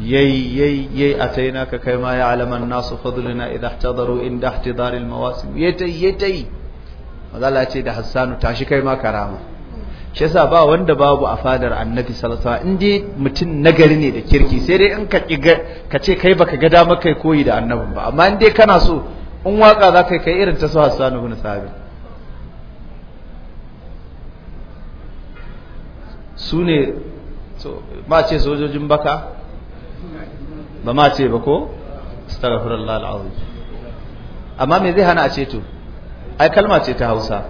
Yai a yayi na ka kai ma ya alaman nasu fadluna idha ihtadaru inda ta yi ya ta yi mazala ce da hassanu tashi kai ma karama shi yasa ba wanda babu a fadar annabi salasa alaihi mutum nagari ne da kirki sai dai in ka ce kai baka ga damar kai koyi da annabin ba amma indai kana so in waka za kai kai irin ta su hassanu bin sabi su ne ma ce sojojin baka ba ma ce ba ko astaghfirullah alazim amma me zai hana a ce to ai kalma ce ta Hausa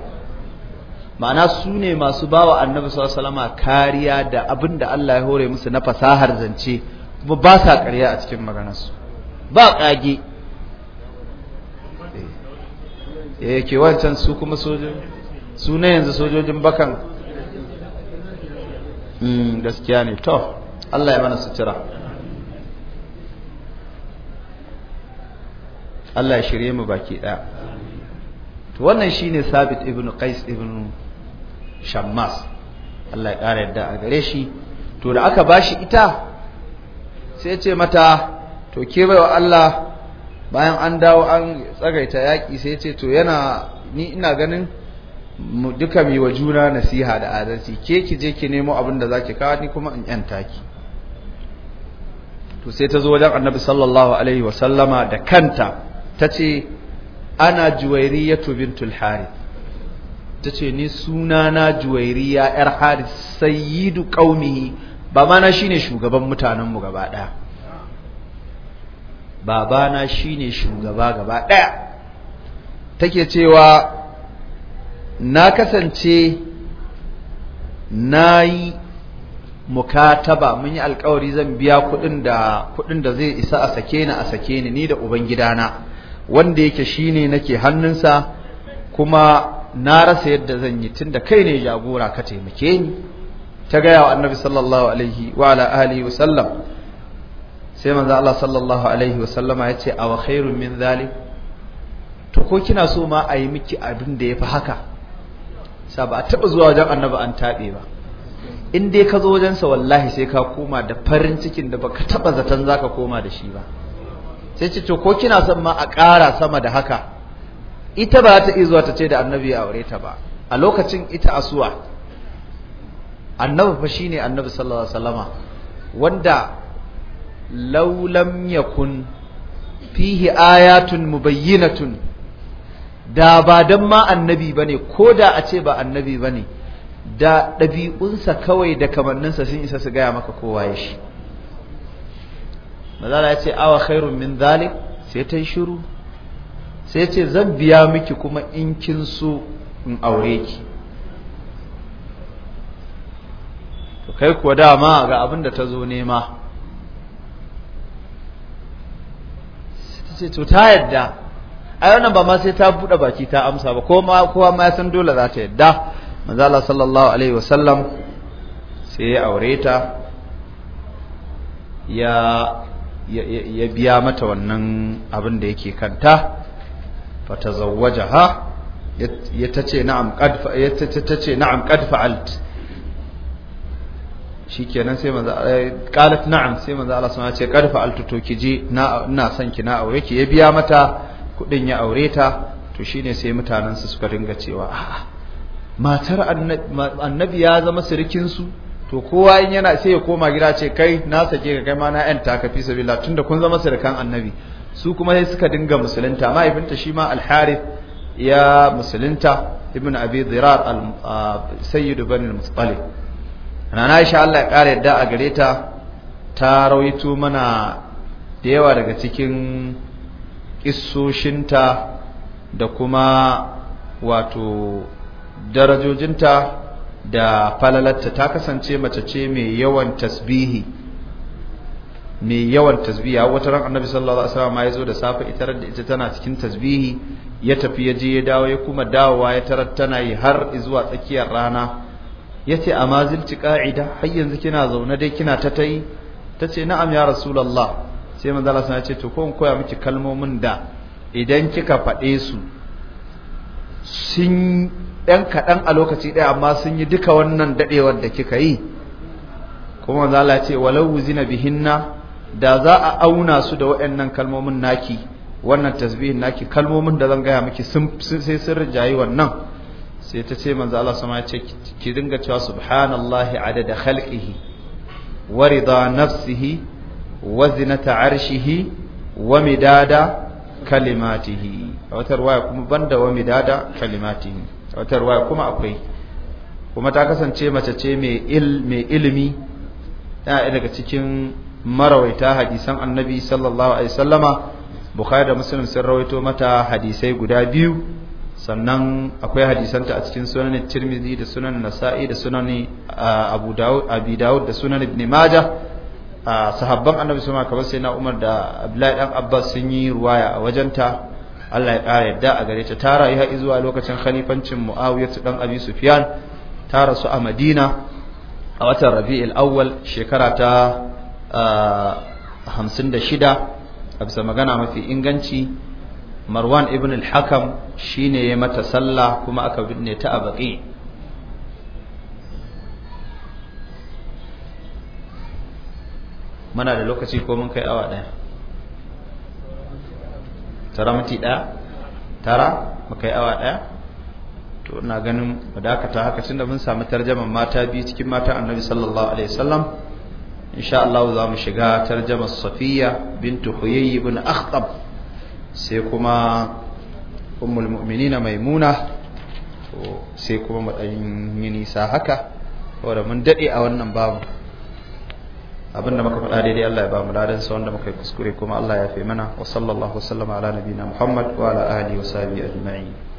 ma'ana su ne masu bawa annabi sallallahu alaihi wasallam kariya da abinda da Allah ya hore musu na fasahar zance kuma ba sa ƙarya a cikin maganarsu ba kage. Eh, eh ke wancan su kuma sojojin su ne yanzu sojojin bakan hmm, gaskiya ne to Allah ya mana sutura Allah ya shirye mu baki ɗaya to wannan shine Sabit ibn Qais ibn Shammas Allah ya ƙara yadda a gare shi to da aka bashi ita sai ce mata to ke baiwa Allah bayan an dawo an tsagaita yaƙi sai ce to yana ni ina ganin mu duka mai wa juna nasiha da adalci ke ki je ki nemo abin da zaki kawo ni kuma in yanta ki to sai ta zo wajen annabi sallallahu alaihi wa sallama da kanta ta ce ana juwairiyatu bintul harith ta ce ni suna sunana juwairiya yar harith sayyidu qaumihi babana shine shugaban mutanen mu gaba daya babana shine shugaba gaba daya take cewa na kasance nayi mukataba mun yi alkawari zan biya kuɗin da da zai isa a sake ni a sake ni ni da na. wanda yake shine nake hannunsa kuma na rasa yadda zan yi tunda kai ne jagora ka taimake ni ta gaya wa annabi sallallahu alaihi wa ala alihi wa sallam sai manzo Allah sallallahu alaihi wa sallama yace aw khairun min zalik to ko kina so ma a yi miki abin da yafi haka sa ba a taba zuwa wajen annabi an tabe ba in dai ka zo wajensa wallahi sai ka koma da farin cikin da baka taba zaton zaka koma da shi ba sai ce to ko kina son ma a ƙara sama da haka ita ba ta iya zuwa ta ce da annabi ya aure ta ba a lokacin ita asuwa annabi fa shine annabi sallallahu alaihi wasallama wanda laulam yakun fihi ayatun mubayyinatun da ba dan ma annabi bane ko da a ce ba annabi bane da ɗabi'unsa kawai da kamanninsa sun isa su gaya maka kowa ya shi Mazala ya ce awa khairun min zalik sai ta yi shiru sai ce zan biya miki kuma in kin so in aure ki to kai kuwa dama ga abin da ta zo nema ta ce to ta yadda a yau nan ba ma sai ta buɗe baki ta amsa ba kowa ma ya san dole za ta yadda manzala sallallahu alaihi wasallam sai ya aure ta ya ya biya mata wannan abin da yake kanta fatazawwajaha ha, na'am ta ce na'am qad fa'alt shikenan sai manzo eh, qalat na'am sai manzo Allah subhanahu ce qad fa'alt to je na ina son ki na aure ki ya biya mata kudin ya aure ta to shine sai mutanen su suka dinga cewa a'a matar annabi ya zama sirikin su to kowa in yana sai ya koma gida ce kai na sake ka kai ma na yan takafi, fi sabila tunda kun zama sadakan annabi su kuma sai suka dinga musulunta mahaifinta shi ma al-harith ya musulunta ibn abi dirar al-sayyid ibn al-mustalib ana insha Allah ya kare yadda a gare ta ta rawaito mana da yawa daga cikin kissoshinta da kuma wato darajojinta da falalatta ta kasance mace ce mai yawan tasbihi mai yawan tasbiha wata ran annabi sallallahu alaihi wasallam ya zo da safe ita da ita tana cikin tasbihi ya tafi ya je ya dawo ya kuma dawowa ya tarar tana yi har zuwa tsakiyar rana yace amma zilci qa'ida har yanzu kina zaune dai kina ta tai tace na'am ya rasulullah sai manzo Allah ya ce to ko in koya miki kalmomin da idan kika faɗe su sun ɗan kaɗan a lokaci ɗaya amma sun yi duka wannan daɗewar da kika yi kuma zala ce walau zina bihinna da za a auna su da waɗannan kalmomin naki wannan tasbihin naki kalmomin da zan gaya miki sai sun rijayi wannan sai ta ce manzo Allah sama ce ki dinga cewa subhanallahi adada khalqihi wa rida nafsihi wa zinata arshihi wa midada kalimatihi a wata ruwaya kuma banda wa midada kalimatihi wata ruwaya kuma akwai kuma ta kasance mace ce mai ilimi yana daga cikin marawaita hadisan annabi sallallahu alaihi sallama bukai da musulun sun rawaito mata hadisai guda biyu sannan akwai hadisanta a cikin sunanin tirmidhi da sunanin nasa'i da sunanin abu dawud dawud da sunanin ibn maja sahabban annabi sun alaihi kamar sai na umar da abdullahi dan abbas sun yi ruwaya a wajenta Allah ya ƙara yadda a gare ta ta rayu har zuwa lokacin khalifancin Muawiya dan Abi Sufyan ta rasu a Madina a watan Rabi'ul Awwal shekara ta 56 a bisa magana mafi inganci Marwan ibn al-Hakam shine ya mata sallah kuma aka binne ta a baki muna da lokaci ko mun kai awa ɗaya tara minti ɗaya tara muka awa ɗaya to ina ganin dakata haka tunda mun samu tarjaman mata biyu cikin matan annabi sallallahu alaihi wasallam insha Allah za mu shiga tarjaman safiya bintu huyayy ibn akhtab sai kuma ummul mu'minina maimuna sai kuma mu yi nisa haka wanda mun daɗe a wannan babu abinda muka faɗa daidai Allah ya ba mu ladan sa wanda muka yi kuskure kuma Allah ya fi mana wa sallallahu ala nabiyina Muhammad wa ala alihi wa sahbihi ajma'in